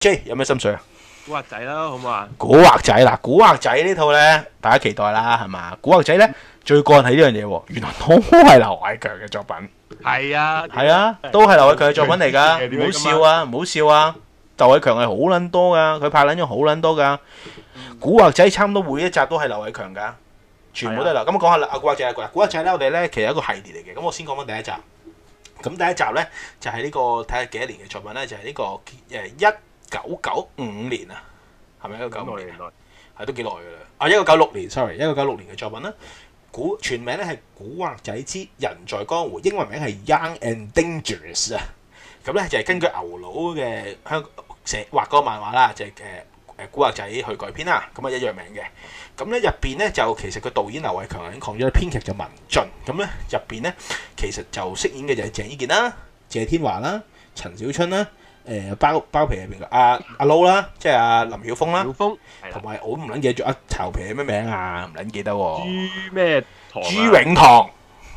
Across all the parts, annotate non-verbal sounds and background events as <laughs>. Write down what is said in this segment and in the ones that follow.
J 有咩心水啊？古惑仔啦，好唔好啊？古惑仔嗱，古惑仔呢套咧，大家期待啦，係嘛？古惑仔咧最過睇呢樣嘢，原來都係劉偉強嘅作品。係啊，係啊，都係劉偉強嘅作品嚟噶。唔好笑啊，唔好笑啊！劉偉強係好撚多噶，佢拍撚咗好撚多噶。古惑仔差唔多每一集都係劉偉強噶。全部都係啦，咁講下啦，阿古惑仔啦，古惑仔咧，我哋咧其實一個系列嚟嘅，咁我先講翻第一集。咁第一集咧就係呢個睇下幾多年嘅作品咧，就係呢個誒一九九五年啊，係咪一九九五年？係都幾耐㗎啦，啊一九九六年，sorry，一九九六年嘅作品啦。古全名咧係《古惑仔之人在江湖》，英文名係《Young and Dangerous》啊。咁咧就係根據牛佬嘅香港寫畫嗰個漫畫啦，就係誒。古惑仔去改編啦，咁啊一樣名嘅，咁咧入邊咧就其實個導演劉偉強，已經改咗編劇就文俊，咁咧入邊咧其實就飾演嘅就係鄭伊健啦、謝天華啦、陳小春啦、誒包包皮入邊嘅阿阿 Low 啦，即係阿林曉峰啦，曉峰，同埋我唔撚記得阿巢皮係咩名啊，唔撚記得喎。朱咩？朱永棠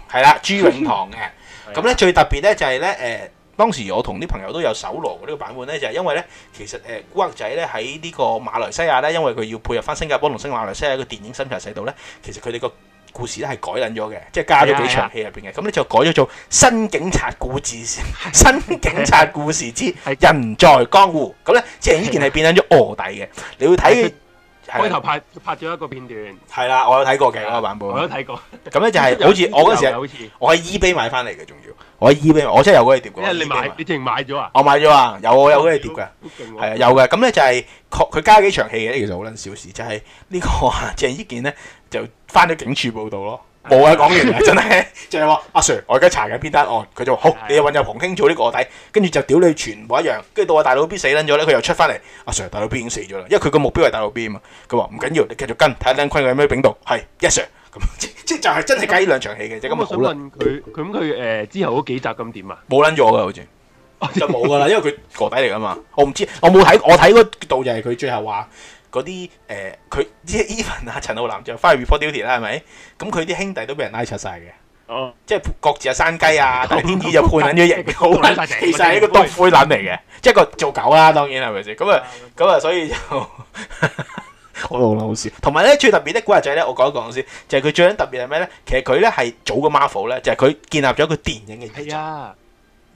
係啦，朱永棠嘅，咁咧最特別咧就係咧誒。當時我同啲朋友都有搜羅呢個版本咧，就係因為咧，其實誒古惑仔咧喺呢個馬來西亞咧，因為佢要配合翻新加坡同新馬來西亞嘅電影審查制度咧，其實佢哋個故事咧係改撚咗嘅，即係加咗幾場戲入邊嘅，咁你就改咗做新警察故事，新警察故事之人在江湖，咁咧即係呢件係變撚咗卧底嘅，你要睇的。開頭拍拍咗一個片段，係啦，我有睇過嘅嗰個版本，我有睇過。咁咧就係好似我嗰時，我喺 eBay 買翻嚟嘅，仲要我喺 eBay，我真係有嗰啲碟嘅。因為你買，你直情買咗啊！我買咗啊，有我有嗰啲碟嘅，係啊，有嘅。咁咧就係，確佢加咗幾場戲嘅，其實好捻小事，就係呢個鄭伊健咧，就翻咗警署報道咯。冇、 <laughs> 就是、啊！講完真係就係話阿 Sir，我而家查緊邊單案，佢就好，的你又揾下洪興做呢、這個底，跟住就屌你全部一樣，跟住到我大佬 B 死撚咗咧，佢又出翻嚟。阿、啊、Sir，大佬 B 已經死咗啦，因為佢個目標係大佬 B 啊嘛。佢話唔緊要，你繼續跟，睇下靚坤有咩丙度。係 yes sir，咁即即就係真係計呢兩場戲嘅啫。咁我,我想問佢，咁佢誒之後嗰幾集咁點啊？冇撚咗噶，好似 <laughs> 就冇噶啦，因為佢個底嚟啊嘛。我唔知，我冇睇，我睇嗰度就係佢最後話。嗰啲誒，佢即係 Even 啊，陳浩南就返去 report duty 啦，係咪？咁佢啲兄弟都俾人拉出曬嘅，哦，即係各自啊山雞啊，大天二就判緊長刑，其實係一個督灰男嚟嘅，即係個做狗啦，當然係咪先？咁啊，咁啊，所以就我講啦，好笑。同埋咧，最特別咧，古惑仔咧，我講一講先，就係佢最緊特別係咩咧？其實佢咧係早過 Marvel 咧，就係佢建立咗一個電影嘅係啊，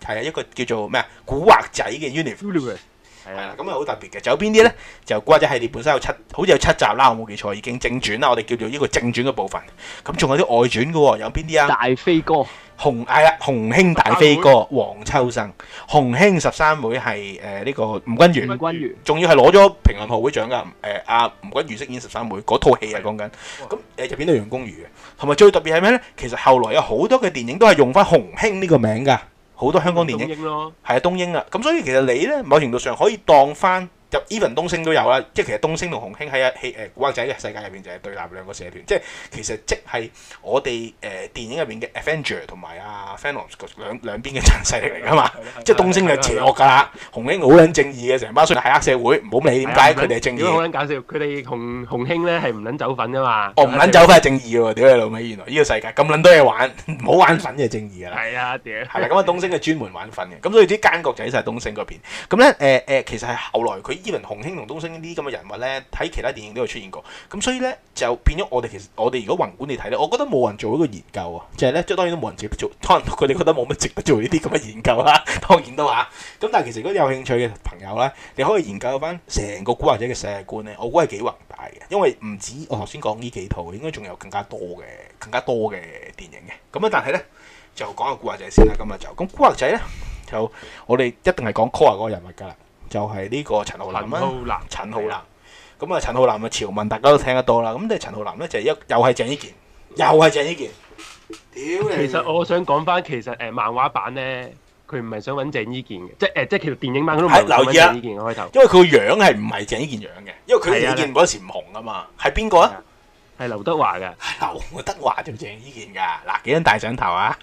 係啊，一個叫做咩啊，古惑仔嘅 Universe。係啦，咁啊好特別嘅，仲有邊啲咧？就《古惑仔系列》本身有七，好似有七集啦，我冇記錯，已經正傳啦，我哋叫做呢個正傳嘅部分。咁仲有啲外傳嘅喎，有邊啲啊？大飛哥，洪係啊，洪興大飛哥，黃會秋生，洪興十三妹係誒呢個吳君如，吳君如，仲要係攞咗評論學會獎噶。誒阿吳君如飾演十三妹嗰套戲啊，講緊咁誒入邊都楊恭如嘅，同埋最特別係咩咧？其實後來有好多嘅電影都係用翻洪興呢個名噶。好多香港電影，係啊，東英啊，咁所以其實你呢某程度上可以當返。就 even 東星都有啦，即係其實東星同紅興喺啊戲誒古惑仔嘅世界入邊就係對立兩個社團，即係其實即係我哋誒電影入邊嘅 Avenger 同埋啊 Venom 兩兩邊嘅陣勢嚟噶嘛，即係東星就邪惡噶啦，紅興好撚正義嘅，成班衰仔係黑社會，唔好理點解佢哋係正義。如果好撚搞笑，佢哋紅紅興咧係唔撚走粉噶嘛？我唔撚走粉係正義喎！屌你老味，原來呢個世界咁撚多嘢玩，唔好玩粉就正義啦。係啊，屌。係咪咁啊？東星係專門玩粉嘅，咁所以啲奸角就喺曬東星嗰邊。咁咧誒誒，其實係後來佢。依輪洪興同東星呢啲咁嘅人物咧，睇其他電影都有出現過，咁所以咧就變咗我哋其實我哋如果宏觀嚟睇咧，我覺得冇人做一個研究啊，即係咧即係當然都冇人得值得做，可能佢哋覺得冇乜值得做呢啲咁嘅研究啦、啊，當然都嚇。咁、啊、但係其實如果有興趣嘅朋友咧，你可以研究翻成個古惑仔嘅世界觀咧，我估係幾宏大嘅，因為唔止我頭先講呢幾套，應該仲有更加多嘅更加多嘅電影嘅。咁啊，但係咧就講個古惑仔先啦，今日就咁古惑仔咧就我哋一定係講 Core 嗰個人物噶。就係呢個陳浩南啊，陳浩南，咁啊陳浩南嘅的潮文大家都聽得多啦，咁咧陳浩南咧就係，又鄭一又係鄭伊健，又係鄭伊健。屌你！其實我想講翻，其實誒、呃、漫畫版咧，佢唔係想搵鄭伊健嘅，即係誒、呃、即係其實電影版都唔係想搵鄭伊健開頭，因為佢個樣係唔係鄭伊健樣嘅，因為佢鄭伊健嗰時唔紅啊嘛，係邊個啊？係劉德華噶，劉德華做鄭伊健噶，嗱幾撚大上頭啊！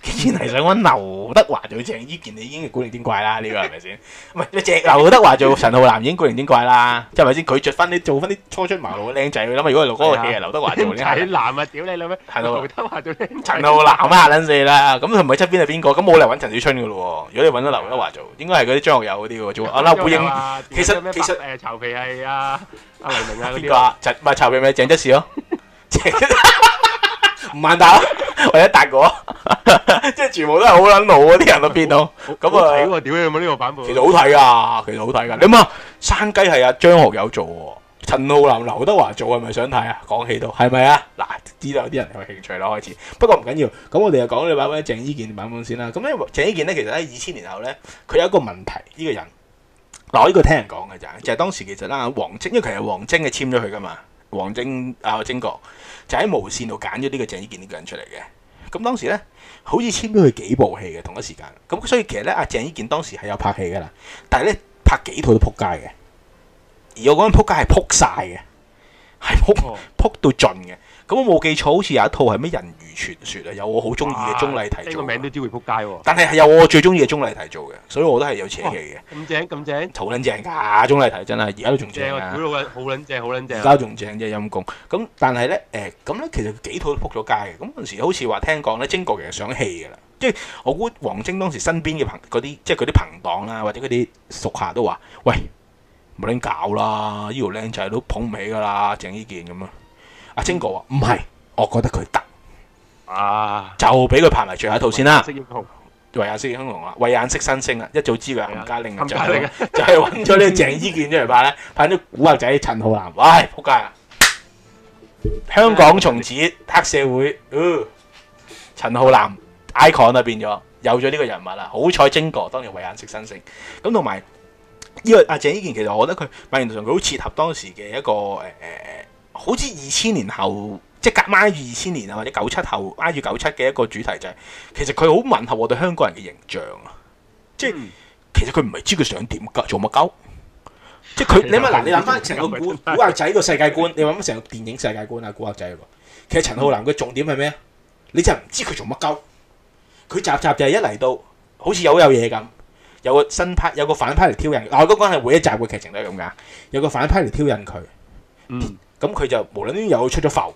竟然係想搵劉德華做鄭伊健，你已經古靈精怪啦，呢個係咪先？唔係唔係鄭劉德華做陳浩南已經古靈精怪啦，係咪先？佢著翻啲做翻啲初出茅廬嘅靚仔，諗下如果係老哥嘅戲，劉德華做靚仔男啊，屌你啦咩？係劉德華做陳浩南吓撚死啦！咁佢唔係出邊係邊個？咁冇理由搵陳小春噶咯，如果你搵到劉德華做，應該係嗰啲張學友嗰啲噶啫。阿劉胡應，其實其實誒，曹皮係啊。呢個就唔係曹永偉鄭則士咯？唔慢斗，或者大個，即係全部都係好捻老啊！啲人都變到咁啊！點啊？呢個版本其實好睇啊，其實好睇噶。你望山雞係阿張學友做，陳浩南、劉德華做係咪想睇啊？講起到係咪啊？嗱，知道有啲人有興趣啦，開始。不過唔緊要，咁我哋又講呢版本鄭伊健版本先啦。咁咧，鄭伊健咧，其實喺二千年後咧，佢有一個問題，呢個人。嗱，呢個聽人講嘅咋，就係、是、當時其實啦，王晶，因為其實王晶係簽咗佢噶嘛，王晶啊，晶哥就喺、是、無綫度揀咗呢個鄭伊健呢個人出嚟嘅。咁當時咧，好似簽咗佢幾部戲嘅，同一時間。咁所以其實咧，阿鄭伊健當時係有拍戲噶啦，但係咧拍幾套都扑街嘅。而我講嘅扑街係扑晒嘅，係扑扑到盡嘅。哦我冇記錯，好似有一套係咩人魚傳説啊，有我好中意嘅鐘麗緹做。個名都知會撲街喎。但係係又我最中意嘅鐘麗緹做嘅，所以我都係有請佢嘅。咁正咁正，頭撚正㗎，鍾麗緹真係而家都仲正、啊正，正啊、好撚正，好撚正、啊。而家仲正即係陰功。咁但係咧誒，咁咧其實幾套都撲咗街嘅。咁嗰陣時好似話聽講咧，曾國榮想戲㗎啦，即係我估王晶當時身邊嘅朋嗰啲，即係佢啲朋黨啦，或者佢啲熟客都話：喂，冇撚搞啦，呢條靚仔都捧唔起㗎啦，鄭伊健咁啊！阿、啊、晶哥啊，唔係，我覺得佢得啊，就俾佢拍埋最後一套先啦。色英雄，慧眼識英雄啊，慧眼識新星啊，一早知佢，唔介令就係揾咗呢鄭伊健出嚟拍咧，拍啲古惑仔，陳浩南，喂，扑街啊！香港從此黑社會，陳、啊、浩南 icon 啊，變咗有咗呢個人物啦。好彩，晶哥當年慧眼識新星咁，同埋呢個阿鄭伊健，這個、其實我覺得佢發現到佢好切合當時嘅一個誒誒。呃呃呃好似二千年後，即係隔孖住二千年啊，或者九七後孖住九七嘅一個主題就係、是，其實佢好吻合我哋香港人嘅形象啊，即係、嗯、其實佢唔係知佢想點噶，做乜鳩？即係佢你諗嗱，你諗翻成個古古惑仔嘅世界觀，的你諗翻成個電影世界觀啊，古惑仔啊，其實陳浩南嘅重點係咩啊？嗯、你就唔知佢做乜鳩？佢集集就係一嚟到，好似有有嘢咁，有個新派，有個反派嚟挑釁。嗱，我嗰關係每一集嘅劇情都係咁噶，有個反派嚟挑釁佢，嗯嗯咁佢就無端端又出咗埠，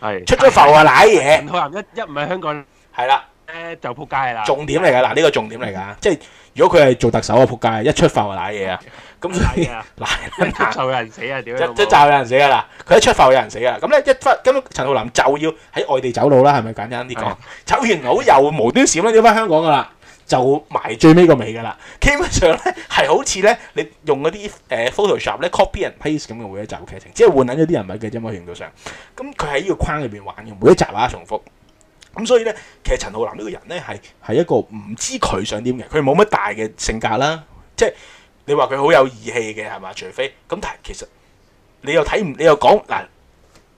係出咗埠啊！瀨嘢陳浩南一一唔喺香港，係啦，誒就仆街啦。重點嚟噶嗱，呢個重點嚟噶，即係如果佢係做特首啊，仆街一出埠啊，瀨嘢啊，咁賴賴就有人死啊，點都冇一一集有人死噶啦，佢一出埠有人死啊，咁咧一忽，咁陳浩南就要喺外地走佬啦，係咪簡單啲講？走完佬又無端端少咗啲返香港噶啦。就埋最尾個尾㗎啦，基本上咧係好似咧，你用嗰啲誒 Photoshop 咧 copy and paste 咁嘅每一集劇情，即係換緊咗啲人物嘅啫嘛，程度上。咁佢喺呢個框裏邊玩嘅，每一集啊重複。咁所以咧，其實陳浩南呢個人咧係係一個唔知佢想點嘅，佢冇乜大嘅性格啦。即係你話佢好有義氣嘅係嘛？除非咁，但其實你又睇唔，你又講嗱，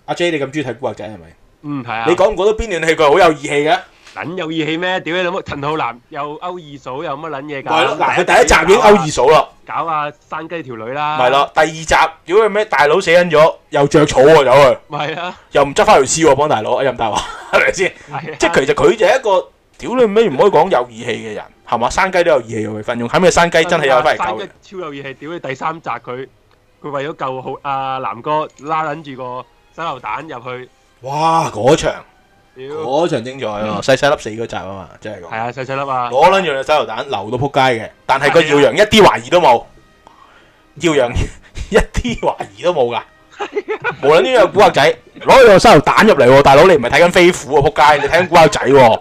阿 J 你咁中意睇古惑仔係咪？嗯，係啊。你講唔講得邊段戲佢好有義氣嘅？咁有義氣咩？屌你老母！陳浩南又勾二嫂又乜撚嘢㗎？係咯，嗱佢第一集已經勾二嫂啦。搞下山雞條女啦。係咯，第二集屌佢咩？大佬死緊咗，又著草喎走去。係啊，又唔執翻條屍幫大佬阿任達華，係咪先？係，即係其實佢就係一個屌你咩唔可以講有義氣嘅人，係嘛？山雞都有義氣㗎，佢份用，睇咩山雞真係有份嚟救。山雞超有義氣，屌你第三集佢佢為咗救好阿南哥拉撚住個手榴彈入去。哇！嗰場～嗰場精彩、啊，細細、嗯、粒死嗰集啊嘛，真係咁、那個。係啊，細細粒啊！攞粒樣嘅手榴彈，流到撲街嘅。但係個耀陽一啲懷疑都冇，耀陽一啲懷疑都冇噶。 <laughs> 無論呢樣古惑仔攞個手榴彈入嚟，大佬你唔係睇緊飛虎啊，撲街！你睇緊古惑仔、啊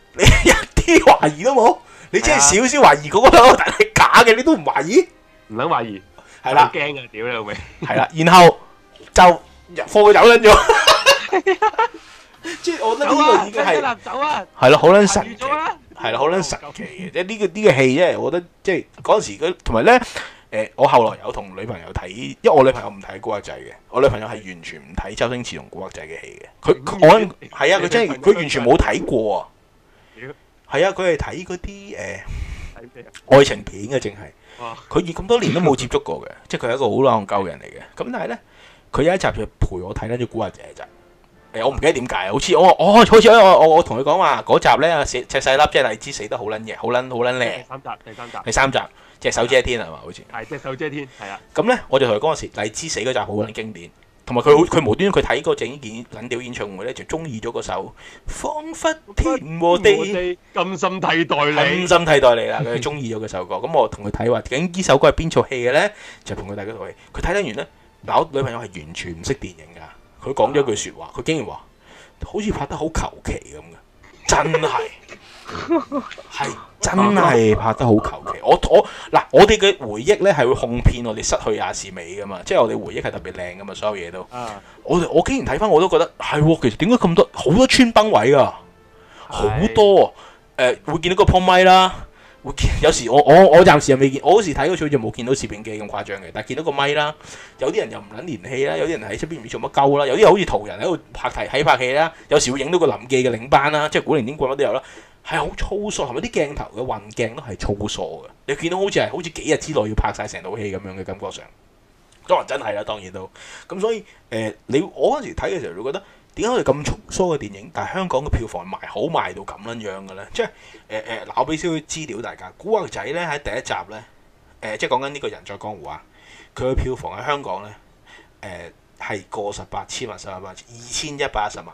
<laughs> 你，你一啲懷疑都冇。你真係少少懷疑嗰個手榴彈係假嘅，你都唔懷疑？唔撚懷疑。係啦，驚啊！屌你老味。係 <laughs> 啦，然後就放佢走咗。 <laughs> 即係我覺得呢、這個已經係係咯好撚神奇，係啦好撚神奇嘅，即係、這、呢個呢、這個戲咧，我覺得即係嗰陣時佢同埋咧誒，我後來有同女朋友睇，因為我女朋友唔睇古惑仔嘅，我女朋友係完全唔睇周星馳同古惑仔嘅戲嘅，佢佢我係啊，佢真係佢完全冇睇過，係啊，佢係睇嗰啲誒愛情片嘅，淨係，佢而咁多年都冇接觸過嘅，即係佢係一個好撚夠人嚟嘅，咁但係咧佢有一集就陪我睇，跟住古惑仔就是。誒，我唔記得點解，好似我我好似我我我同佢講話嗰集咧，死赤細粒，即係荔枝死得好撚嘢，好撚好撚靚。第三集，第三集，第三集，隻手遮天係嘛？好似係隻手遮天，係啊。咁咧，我就同佢講嗰時，荔枝死嗰集好撚經典，同埋佢好佢無端端佢睇嗰鄭伊健撚屌演唱會咧，就中意咗個首《仿佛天和地》，甘心替代你，甘心替代你啦。佢中意咗個首歌，咁我同佢睇話，究竟呢首歌係邊套戲嘅咧？就同佢睇嗰套戲。佢睇得完咧，嗱，我女朋友係完全唔識電影嘅。佢講咗一句説話，佢竟然話好似拍得好求其咁嘅，真係係 <laughs> 真係拍得好求其。我我嗱，我哋嘅回憶咧係會哄騙我哋失去也是美噶嘛，即係我哋回憶係特別靚噶嘛，所有嘢都。Uh, 我哋，我竟然睇翻我都覺得係、啊，其實點解咁多好多穿崩位噶，uh, 好多誒、呃、會見到個 boom 咪啦。會有時我我我暫時又未見，我嗰時睇個場就冇見到攝影機咁誇張嘅，但見到個咪啦。有啲人又唔撚連戲啦，有啲人喺出邊唔知做乜鳩啦。有啲好似途人喺度拍題睇拍，拍，拍戲啦。有時會影到個臨記嘅領班啦，即係古靈精怪乜都有啦。係好粗疏，同埋啲鏡頭嘅運鏡都係粗疏嘅。你見到好似係好似幾日之內要拍晒成套戲咁樣嘅感覺上，當然真係啦，當然都咁所以誒、呃，你我嗰時睇嘅時候會覺得。點解佢咁粗疏嘅電影，但係香港嘅票房賣好賣到咁樣樣嘅咧，即係誒誒，攞俾少少資料大家。古惑仔咧喺第一集咧，誒、呃，即係講緊呢個人在江湖啊，佢嘅票房喺香港咧，誒、呃，係過十八千萬、十八千萬千，二千一百一十萬，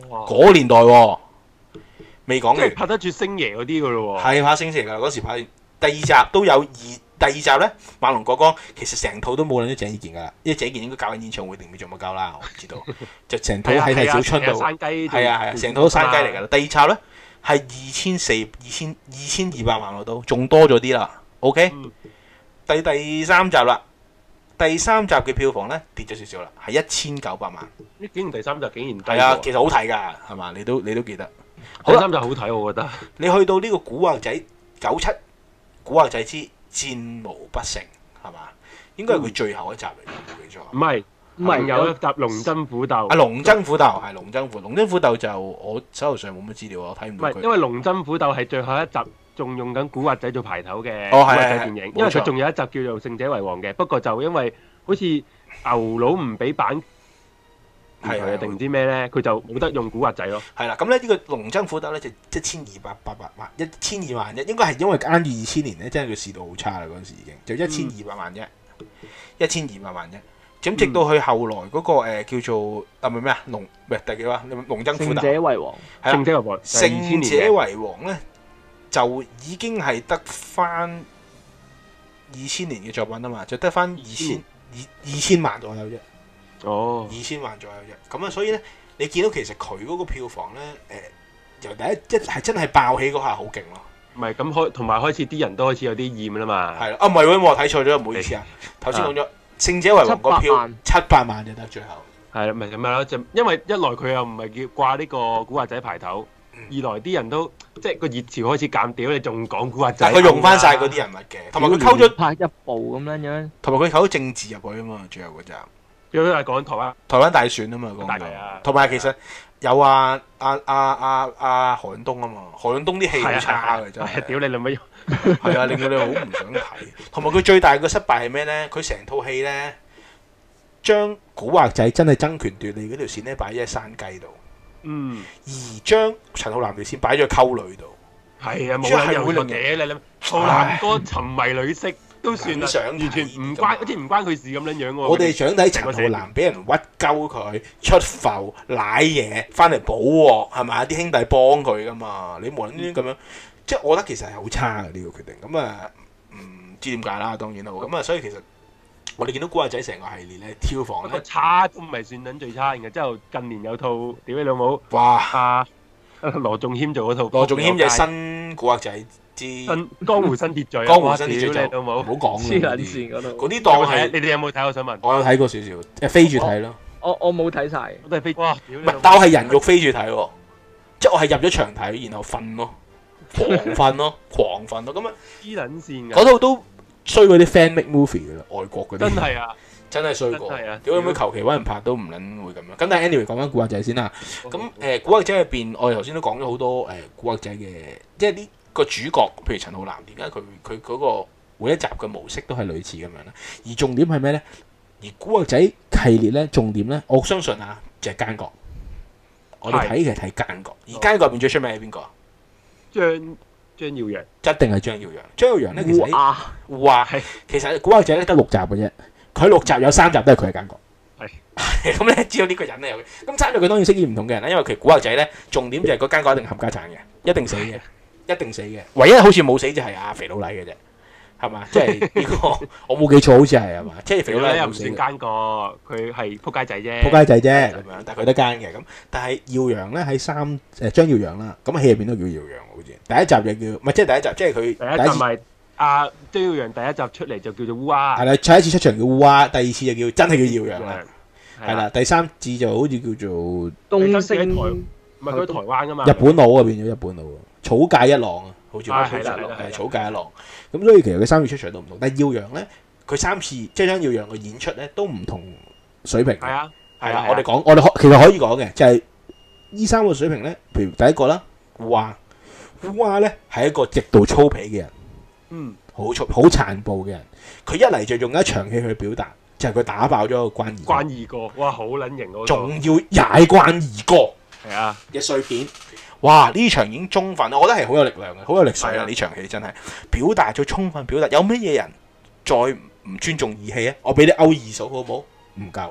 嗰哇哇 年代、啊、未講嘅，即係拍得住星爺嗰啲噶咯，係拍星爺噶嗰時拍第二集都有二。第二集咧，猛龍過江其實成套都冇諗到鄭伊健噶啦，因為鄭伊健應該搞緊演唱會定唔未做乜鳩啦，我唔知道，就成 <laughs> 套喺小春度，係啊係啊，成、啊啊、套都山雞嚟噶啦。啊、第二集咧係二千四、二千二千二百萬我都仲多咗啲啦。OK、嗯、第第三集啦，第三集嘅票房咧跌咗少少啦，係一千九百萬。 <laughs> 竟然第三集竟然低咗，係啊，其實好睇噶，係嘛？你都你都記得，好，第三集好睇，我覺得。你去到呢個古惑仔九七古惑仔之。戰無不勝係嘛？應該係佢最後一集嚟嘅，冇記錯。唔係唔係，有一集龍爭虎鬥。啊，龍爭虎鬥係龍爭虎，龍爭虎鬥就我手頭上冇乜資料我睇唔到佢。唔係，因為龍爭虎鬥係最後一集，仲用緊古惑仔做牌頭嘅古惑仔電影。哦、因為佢仲有一集叫做勝者為王嘅，不過就因為好似牛佬唔俾版。係定唔知咩咧？佢、嗯、就冇得用古惑仔咯。係啦，咁咧呢個龍爭虎鬥咧就一千二百八百萬，一千二萬一，應該係因為啱二千年咧，真係佢市道好差啦，嗰陣時已經就一千二百萬啫，一千二百萬啫。咁直到佢後來嗰、那個誒、欸、叫做啊唔係咩啊龍唔係第幾啊龍爭虎鬥。勝者為王。係勝者為王。二、就、勝、是、者為王咧，就已經係得翻二千年嘅作品啊嘛，就得翻二千二二千萬左右啫。哦，oh. 二千萬左右啫，咁啊，所以咧，你見到其實佢嗰個票房咧，誒、呃，由第一即係真係爆起嗰下好勁咯。唔係咁開，同埋開始啲人都開始有啲厭啦嘛。係咯，啊唔係，我睇錯咗，唔好意思的啊。頭先講咗《勝者為王》個票七百萬就得，最後係啦，咪咁樣咯，就是、因為一來佢又唔係叫掛呢個古惑仔牌頭，嗯、二來啲人都即係個熱潮開始減掉。你仲講古惑仔，佢用翻晒嗰啲人物嘅，同埋佢溝咗拍一部咁樣樣，同埋佢溝政治入去啊嘛，最後嗰集。因為講緊台灣，台灣大選啊嘛，同埋、啊、其實有啊阿阿阿啊，啊，啊，啊何潤東啊嘛，何潤東啲戲好差嘅、啊啊、真係，屌你你乜嘢？係 <laughs> 啊，令到你好唔想睇。同埋佢最大嘅失敗係咩咧？佢成套戲咧，將古惑仔真係爭權奪利嗰條線咧擺喺山雞度，嗯，而將陳浩南條線擺喺溝女度，係啊、哎，冇乜嘢。你浩南哥沉迷女色。呀都算想睇完全唔關好似唔關佢事咁樣樣、啊、我哋想睇陳浩南俾人屈鳩佢出埠瀨嘢，翻嚟補鑊係咪啊？啲兄弟幫佢噶嘛？你無啦啦咁樣，嗯、即係我覺得其實係好差嘅呢、呢個決定。咁、嗯、啊，唔知點解啦，當然啦。咁啊、嗯，所以其實我哋見到古惑仔成個系列咧，票房差都唔係算撚最差。然之後近年有套屌你老母，哇、啊！羅仲謙做嗰套，羅仲謙嘅新，的新，的新，的新的古惑仔。江湖新秩序，江湖新秩序就冇好講，黐捻線嗰度，嗰啲檔係你哋有冇睇？我想問，我有睇過少少，誒飛住睇咯，我我冇睇晒，我都係飛。哇，但我係人肉飛住睇，即係我係入咗場睇，然後瞓咯，狂瞓咯，狂瞓咯，咁啊黐捻線嗰度都衰嗰啲 fan make movie 噶啦，外國嗰啲真係啊，真係衰過，屌你老母，求其搵人拍都唔撚會咁樣。咁但係 anyway，講返古惑仔先啦，咁誒古惑仔入邊，我哋頭先都講咗好多誒古惑仔嘅，即係啲。個主角，譬如陳浩南，點解佢佢嗰個每一集嘅模式都係類似咁樣咧？而重點係咩咧？而古惑仔系列咧，重點咧，我相信啊，就係、是、奸角。我哋睇嘅其實睇奸角，是而奸角入邊最出名係邊個？張、哦、張耀揚，一定係張耀揚。張耀揚咧，其實啊，哇，係其實古惑仔咧得六集嘅啫。佢六集有三集都係佢嘅奸角，係咁咧。只有呢個人咧有咁參與，佢當然識啲唔同嘅人啦。因為其實古惑仔咧重點就係嗰奸角一定冚家鏟嘅，一定死嘅。 <laughs> 一定死嘅，唯一好似冇死就係阿肥佬黎嘅啫，係嘛？即係呢個我冇記錯，好似係，係嘛？即係肥佬黎又唔算奸過，佢係仆街仔啫，仆街仔啫咁樣，但係佢都奸嘅。咁但係耀陽咧喺三，誒，張耀陽啦，咁戲入面都叫耀陽，好似第一集就叫，唔係即係第一集即係佢第一集咪阿張耀陽第一集出嚟就叫做烏鴉，係啦，第一次出場叫烏鴉，第二次就叫真係叫耀陽啦，係啦，第三字就好似叫做東星，唔係佢喺台灣噶嘛？日本佬啊變咗日本佬。草芥一浪啊，好似話，草芥一浪。咁、啊、所以其實佢三次出場都唔同，但係耀陽咧，佢三次即係張耀陽嘅演出咧都唔同水平。係啊，係啊。我哋講，我哋其實可以講嘅，就係呢三個水平咧。譬如第一個啦，烏鴉，烏鴉咧係一個極度粗鄙嘅人，嗯，好粗好殘暴嘅人。佢一嚟就用一場戲去表達，就係、是、佢打爆咗個關二關二哥哇，好撚型仲要踩關二哥係啊嘅碎片。哇！呢場已經充分喇，我覺得係好有力量嘅，好有歷史啊！呢場戲真係表達咗充分表達，有乜嘢人再唔尊重義氣啊？我俾你勾二嫂好唔好？唔夠！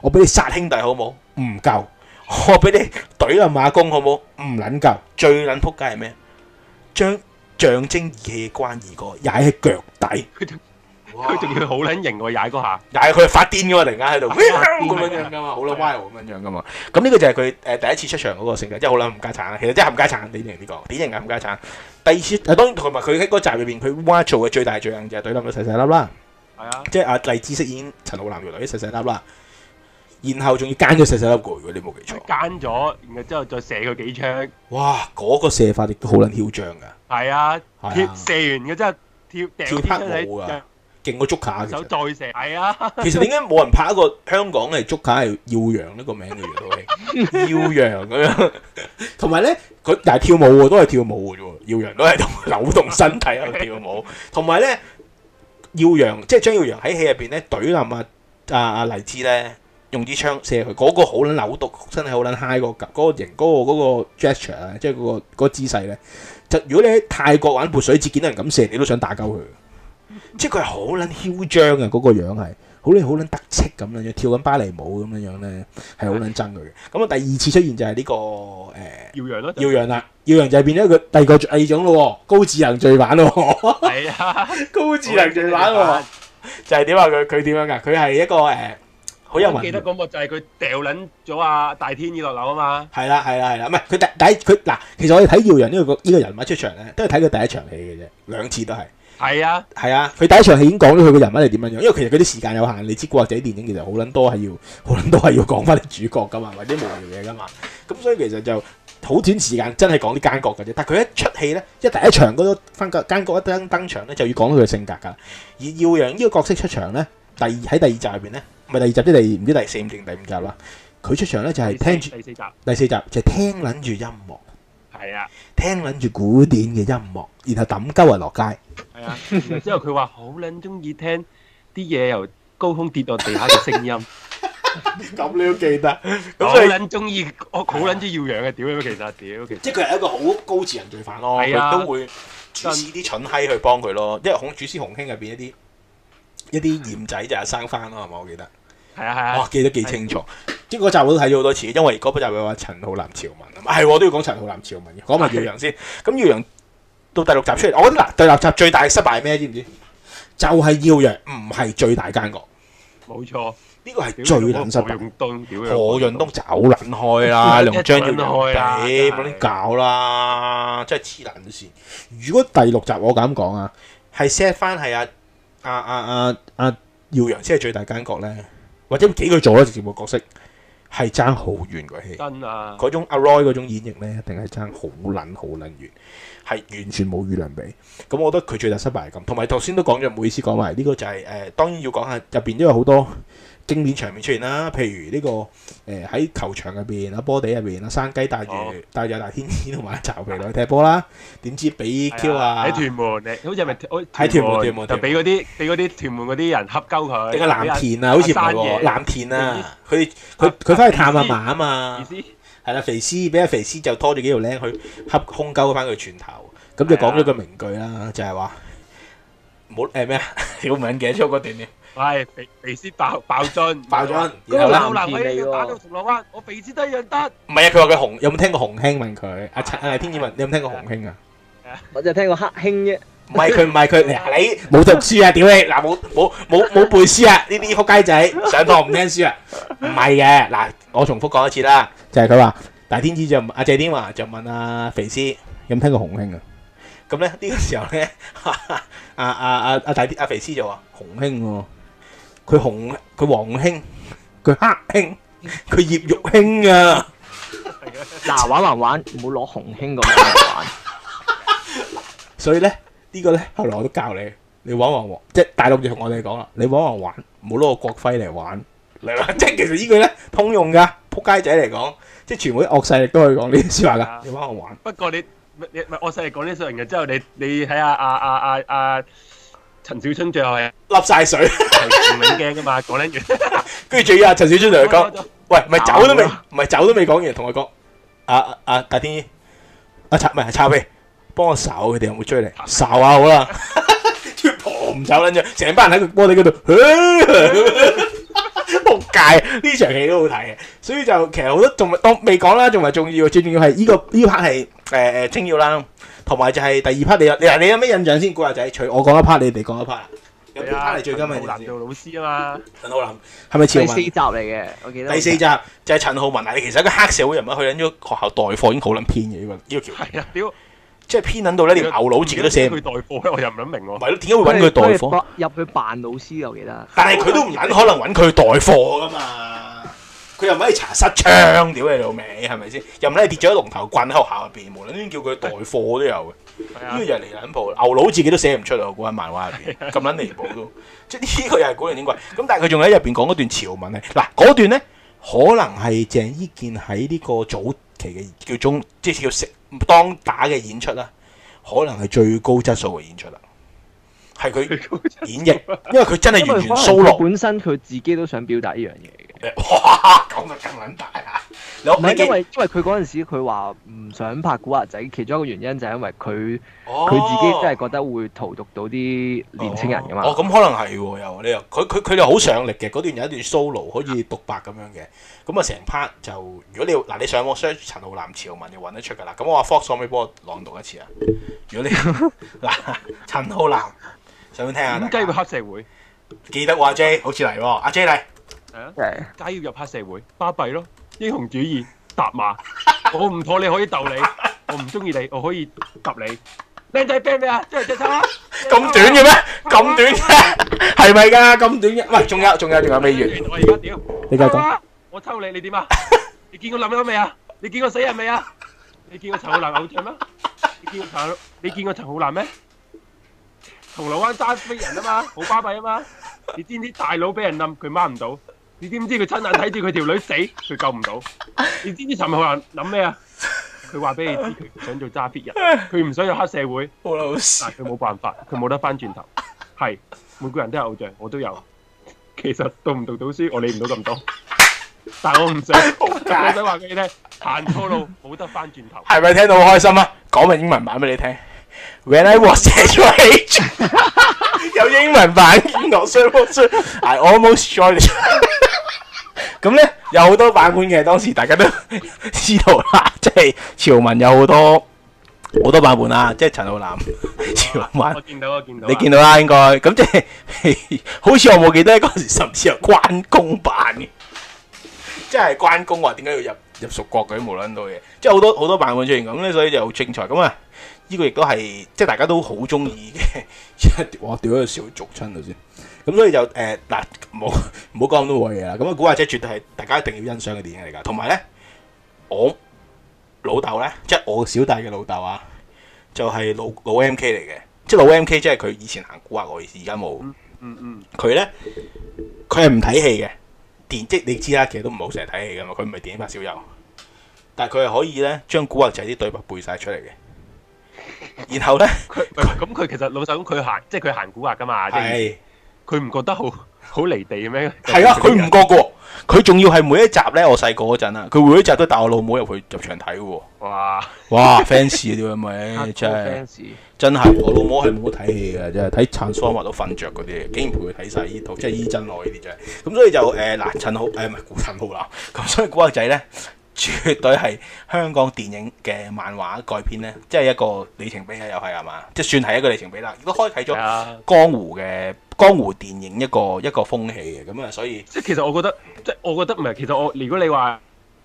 我俾你殺兄弟好唔好？唔夠夠！我俾你懟啊馬公好唔好？唔撚夠！最撚撲街係咩？將象徵義氣嘅關二哥踩喺腳底。 <laughs> 佢仲要好撚型喎，踩嗰下，踩佢係發癲噶嘛，突然間喺度咁樣樣噶嘛，好啦 w i 咁樣樣噶嘛。咁呢個就係佢誒第一次出場嗰個性格，即係好撚冚家產。其實即係冚家產，典型呢個，典型嘅冚家產。第二次誒，當然同埋佢喺嗰集裏面，佢 one 做嘅最大最硬就係對冧個細細粒啦。係啊，即係阿黎姿飾演陳浩南原來啲細細粒啦。然後仲要奸咗細細粒個，如果你冇記錯。奸咗，然後之後再射佢幾槍。哇，嗰個射法亦都好撚囂張噶。係啊，跳射完嘅之後跳掉咗勁個 Joker，手再射，係啊！其實點解冇人拍一個香港嘅 Joker 係耀陽呢個名嘅粵語套戲？耀陽咁樣，同埋咧佢但係跳舞嘅，都係跳舞嘅啫。耀陽都係同扭動身體喺度跳舞，同埋咧耀陽即係張耀陽喺戲入邊咧懟林啊啊！黎姿咧用支槍射佢，嗰個好捻扭毒身體，好捻 high 個嗰個型，嗰個嗰個 gesture 啊，即係嗰個嗰姿勢咧。就如果你喺泰國玩潑水節見到人咁射，你都想打鳩佢。即係佢係好捻囂張啊！嗰、那個樣係好捻好捻得戚咁樣樣，跳緊芭蕾舞咁樣樣咧，係好捻憎佢嘅。咁啊，第二次出現就係呢、這個誒，耀、欸、陽咯，耀陽啦，耀陽就係變咗佢第二個第二種咯，高智能罪犯咯，係啊，高智能罪犯咯，就係點話？佢佢點樣噶、啊？佢係、啊、一個誒，好、欸、有我,我記得嗰個就係佢掉捻咗阿大天二落樓啊嘛，係啦係啦係啦，唔係佢第第一佢嗱，其實我哋睇耀陽呢個呢個人物出場咧，都係睇佢第一場戲嘅啫，兩次都係。係啊，係啊，佢第一場戲已經講咗佢個人物係點樣樣，因為其實嗰啲時間有限，你知古惑仔電影其實好捻多係要，好捻多係要講翻主角噶嘛，或者無聊嘢噶嘛，咁所以其實就好短時間真係講啲奸角噶啫。但佢一出戲咧，即第一場嗰個分角奸角一登登場咧，就要講佢嘅性格噶，而耀陽呢個角色出場咧，第喺第二集入邊咧，唔係第二集即係唔知第四五定第五集啦，佢出場咧就係聽住第四集，第四集就聽捻住音樂，係啊，聽捻住古典嘅音樂。然後抌鳩人落街，係啊！之後佢話好捻中意聽啲嘢，由高空跌落地下嘅聲音，咁你都記得？咁好捻中意，我好捻中耀陽嘅屌，其實屌，即係佢係一個好高智人罪犯咯，佢都會指使啲蠢閪去幫佢咯。因為紅主使洪興入邊一啲一啲嫌仔就生翻咯，係咪？我記得係啊係啊，我記得幾清楚。即係嗰集我都睇咗好多次，因為嗰集嘅話陳浩南潮文，係我都要講陳浩南潮文。講埋耀陽先，咁耀陽。到第六集出嚟，我覺得嗱，第六集最大嘅失敗係咩？知唔知？就係、是、耀陽唔係最大奸角，冇錯，呢個係最撚失敗。何潤東走撚開啦，一張要得開啦，屌，冇得搞啦，真係黐撚線。如果第六集我咁講啊，係 set 翻係啊阿阿阿阿耀陽先係最大奸角咧，或者幾個做咗直接嘅角色，係爭好遠個戲。真啊的，嗰種阿 Roy 嗰種演繹咧，一定係爭好撚好撚遠，係完全無與倫比，咁我覺得佢最大失敗係咁，同埋頭先都講咗，唔好意思講埋呢個就係誒，當然要講下入邊都有好多正面場面出現啦，譬如呢個誒喺球場入邊啊、波地入邊啊、山雞帶住帶住大天子同埋巢皮女踢波啦，點知俾 Q 啊喺屯門，好似係咪喺屯門屯門就俾嗰啲俾啲屯門嗰啲人恰鳩佢，定係藍田啊，好似冇藍田啊，佢佢佢翻去探阿嫲啊嘛。係啦，肥師俾阿肥師就拖住幾條僆去恰空鳩翻佢全頭，咁的就講咗句名句啦，就係話冇誒咩啊？條文幾多嗰段咧？係肥肥師爆爆樽，爆樽，打到銅鑼灣。哦、我肥師都一樣得。唔係啊，佢話佢紅，有冇聽過洪興問佢？阿陳阿天文，你有冇聽過洪興啊？我就聽過黑興啫。唔係佢唔係佢，嗱你冇讀書啊？屌你嗱冇冇冇冇背書啊？呢啲撲街仔上堂唔聽書啊？唔係嘅嗱，我重複講一次啦，就係佢話大天子就阿謝天華就問阿肥師有冇聽過洪興啊？咁咧呢個時候咧，阿阿阿阿大啲阿肥師就話洪興，佢洪佢黃興，佢黑興，佢葉玉興啊！嗱玩玩玩，唔好攞洪興咁樣玩，所以咧。呢個咧，後來我都教你，你玩玩玩，即係大陸就同我哋講啦，你玩玩玩，唔好攞個國徽嚟玩，嚟啦，即係其實呢句咧通用噶，撲街仔嚟講，即係全部惡勢力都可以講呢啲説話噶，你玩我玩。不過你你唔係惡勢力講呢啲説話完嘅之後，你你睇下阿阿阿阿陳小春最後係笠曬水，唔驚噶嘛，講緊住，跟住仲要阿陳小春同佢講，喂，唔係走都未，唔係走都未講完，同佢講，阿阿大天依，阿插唔係插尾。幫我搜佢哋有冇追嚟？搜下好啦，脫袍唔走卵啫！成班人喺個玻璃嗰度，冇、哎、計，呢 <laughs> 場戲都好睇嘅。所以就其實好多仲當未，未講啦，仲咪重要，最重要係呢、這個呢、這個、part 係誒誒青耀啦，同、呃、埋就係第二 part 你有你，你有咩印象先？古惑仔除我講一 part，你哋講一 part 啦、就是。係啊。最驚咪難做老師啊嘛。陳浩南。係咪前四集嚟嘅，我記得。第四集就係陳浩文啊！你其實一個黑社會人物，佢喺咗個學校代課已經好卵偏嘅呢個要求。係啊，即係偏撚到咧，連牛佬自己都寫。佢代課咧，我又唔撚明喎。唔係咯，點解會揾佢代課？入去扮老師啊，我記得。但係佢都唔撚可能揾佢代課啊嘛。佢又唔可以查失槍屌你老味，係咪先？又唔可以跌咗龍頭棍喺學校入邊，無論點叫佢代課都有嘅。呢個又係離撚譜。牛佬自己都寫唔出嚟，我估喺漫畫入邊咁撚離譜都。即係呢個又係講緊點鬼？咁但係佢仲喺入邊講嗰段潮文咧。嗱，嗰段咧可能係鄭伊健喺呢個組。其嘅叫中，即係叫食當打嘅演出啦，可能係最高質素嘅演出啦，係佢演繹，因為佢真係完全 solo 本身，佢自己都想表達呢樣嘢嘅。哇，講到正撚大啊！唔係因為因為佢嗰陣時佢話唔想拍古惑仔，其中一個原因就係因為佢佢、哦、自己真係覺得會荼毒到啲年輕人噶嘛、哦。哦，咁、哦哦啊哦、可能係、哦、又你又佢佢佢哋好上力嘅，嗰段有一段 solo 可以獨白咁樣嘅。咁啊成 part 就，如果你嗱你上網 search 陳浩南潮文，你揾得出噶啦。咁我話 Fox，可唔可以幫我朗讀一次啊？如果你嗱陳浩、啊、 <laughs> 浩南，想唔想聽啊？點解會黑社會？記得阿 Jay 好似嚟喎，阿 Jay 嚟。係啊， <noise> 家要入黑社會，巴閉咯，英雄主義，踏馬，我唔妥你可以鬥你，我唔中意你，我可以及你。靚仔變咩啊？中唔中啊？咁短嘅咩？咁短嘅係咪噶？咁短嘅，喂，仲有仲有仲有未完？我而家屌，你夠膽？我抽你，你點啊你你？你見過冧咗未啊？你見過死人未啊？你見過陳浩南偶像咩？你見過陳？你見過陳浩南咩？銅鑼灣揸飛人啊嘛，好巴閉啊嘛，你知唔知大佬俾人冧，佢掹唔到？你知唔知佢親眼睇住佢條女死，佢救唔到。你知唔知陳浩南諗咩啊？佢話俾你知，佢想做揸 fit 人，佢唔想有黑社會。但係佢冇辦法，佢冇得翻轉頭。係， <laughs> 每個人都有偶像，我都有。 <laughs> 其實讀唔讀到書，我理唔到咁多。 <laughs> 但係我唔想，我唔想話俾你聽，行錯路冇得翻轉頭。係咪 <laughs> 聽到好開心啊？講埋英文版俾你聽。When I was <laughs> 有英文版音樂雙曲，係 Almost Joyless。咁咧有好多版本嘅，當時大家都試套啦，即係潮文有好多好多版本啦，即係陳浩南潮文。我見到，我見到。你見到啦，應該咁即係，好似我冇記得嗰時，甚至係關公版嘅，即係關公話點解要入入蜀國佢，無諗到嘅，即係好多好多版本出現咁咧，所以就好精彩咁啊！呢個亦都係即係大家都好中意嘅。哇！屌，佢小逐親頭先。咁所以就誒嗱，冇唔好講咁多鬼嘢啦。咁啊，古惑仔絕對係大家一定要欣賞嘅電影嚟㗎。同埋咧，我老豆咧，即係我小弟嘅老豆啊，就係老老 MK 嚟嘅。即係老 MK，即係佢以前行古惑仔，而家冇。嗯嗯。佢咧，佢係唔睇戲嘅。電即係你知啦，其實都唔好成日睇戲㗎嘛。佢唔係電影拍小遊，但係佢係可以咧將古惑仔啲對白背曬出嚟嘅。然後咧，佢咁佢其實老實講，佢行即係佢行古惑噶嘛。係佢唔覺得好好離地咩？係啊，佢唔覺噶、啊，佢仲要係每一集咧。我細個嗰陣啊，佢每一集都帶我老母入去入場睇噶、啊。哇哇，fans 啲係咪真係真係？我老母係冇睇戲嘅，即係睇《殘桑》都瞓着嗰啲，竟然陪佢睇晒依套，即係《伊真我》依啲啫。咁所以就誒嗱陳好，誒唔係古陳浩南，咁所以古惑仔咧，絕對係香港電影嘅漫畫改編呢，即係一個里程碑啦、啊，又係係嘛，即係算係一個里程碑啦、啊。亦都開啟咗江湖嘅江湖電影一個一個風氣嘅咁啊，所以即係其實我覺得，即係我覺得唔係。其實我如果你話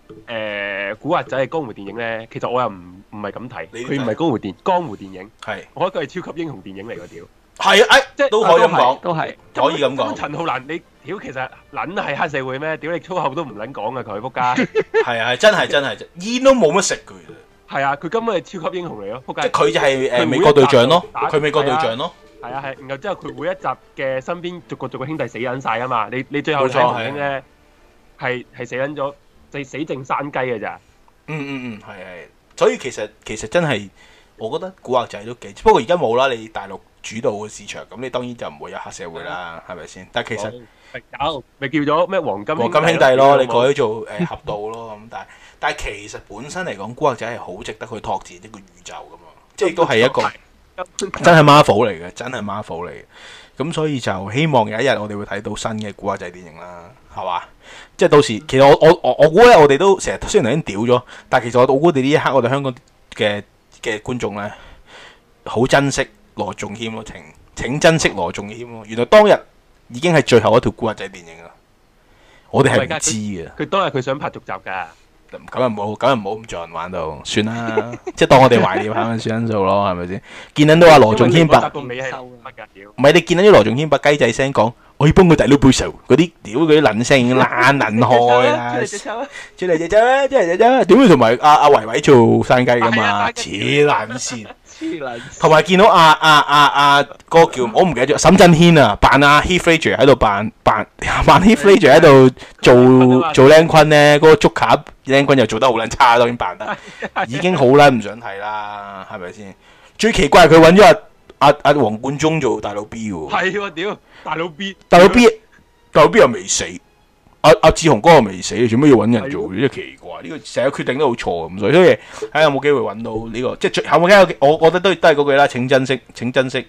誒、呃、古惑仔係江湖電影呢，其實我又唔唔係咁睇，佢唔係江湖電江湖電影，係是我覺得佢係超級英雄電影嚟個屌。 <laughs> 係啊，哎，即係都可以咁講，都係可以咁講。陳浩南，你屌，其實撚係黑社會咩？屌你粗口都唔撚講嘅，佢撲街。係啊，真係真係真，煙都冇乜食佢。係啊，佢根本係超級英雄嚟咯，撲街。即係佢就係誒美國隊長咯，佢美國隊長咯。係啊係，然後之後佢每一集嘅身邊逐個逐個兄弟死緊曬啊嘛，你你最後睇到咧係係死緊咗，就死剩山雞嘅咋。嗯嗯嗯，係係，所以其實其實真係。我覺得古惑仔都幾，不過而家冇啦。你大陸主導嘅市場，咁你當然就唔會有黑社會啦，係咪先？但其實有，咪叫咗咩黃金黃金兄弟咯？你改咗做誒俠盜咯咁。但但係其實本身嚟講，古惑仔係好值得去拓展呢個宇宙噶嘛。即係都係一個對真係 Marvel 嚟嘅，真係 Marvel 嚟嘅。咁所以就希望有一日我哋會睇到新嘅古惑仔電影啦，係嘛？即係到時，其實我我我估咧，我哋都成日雖然已經屌咗，但係其實我估我哋呢一刻，我哋香港嘅。嘅觀眾咧，好珍惜羅仲謙咯，請請珍惜羅仲謙咯。原來當日已經係最後一條古惑仔電影啦，我哋係唔知嘅。佢當日佢想拍續集㗎，咁又冇，咁又冇咁做人玩到，算啦，即係當我哋懷念下算數咯，係咪先？見到都話羅仲謙白，個尾收乜㗎？唔係你見到啲羅仲謙把雞仔聲講。可以幫佢大佬報仇，嗰啲屌嗰啲撚聲已經爛撚開啦，出嚟隻手，出嚟隻手，出嚟隻手，點會同埋阿阿維維做山雞噶嘛？黐捻線，黐捻。同埋見到阿阿阿阿哥叫我唔記得咗，沈振軒啊，扮阿 Heath Ledger 喺度扮扮扮 Heath Ledger 喺度做做靚坤咧，嗰個竹卡靚坤又做得好卵差，當然扮得已經好啦，唔想睇啦，係咪先？最奇怪佢搵咗。阿阿、啊啊、黃冠中做大佬 B 喎，係屌 <music> 大佬 B，大佬 B，大佬 B 又未死，阿阿志雄哥又未死，做乜要搵人做？真奇怪，呢、這個成日決定都好錯咁，所以所以睇下有冇機會搵到呢、這個，即係最後尾我我覺得都都係嗰句啦，請珍惜，請珍惜誒呢、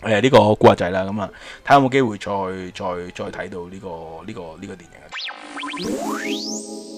哎這個古惑仔啦咁啊，睇下有冇機會再再再睇到呢、這個呢、這個呢、這個電影。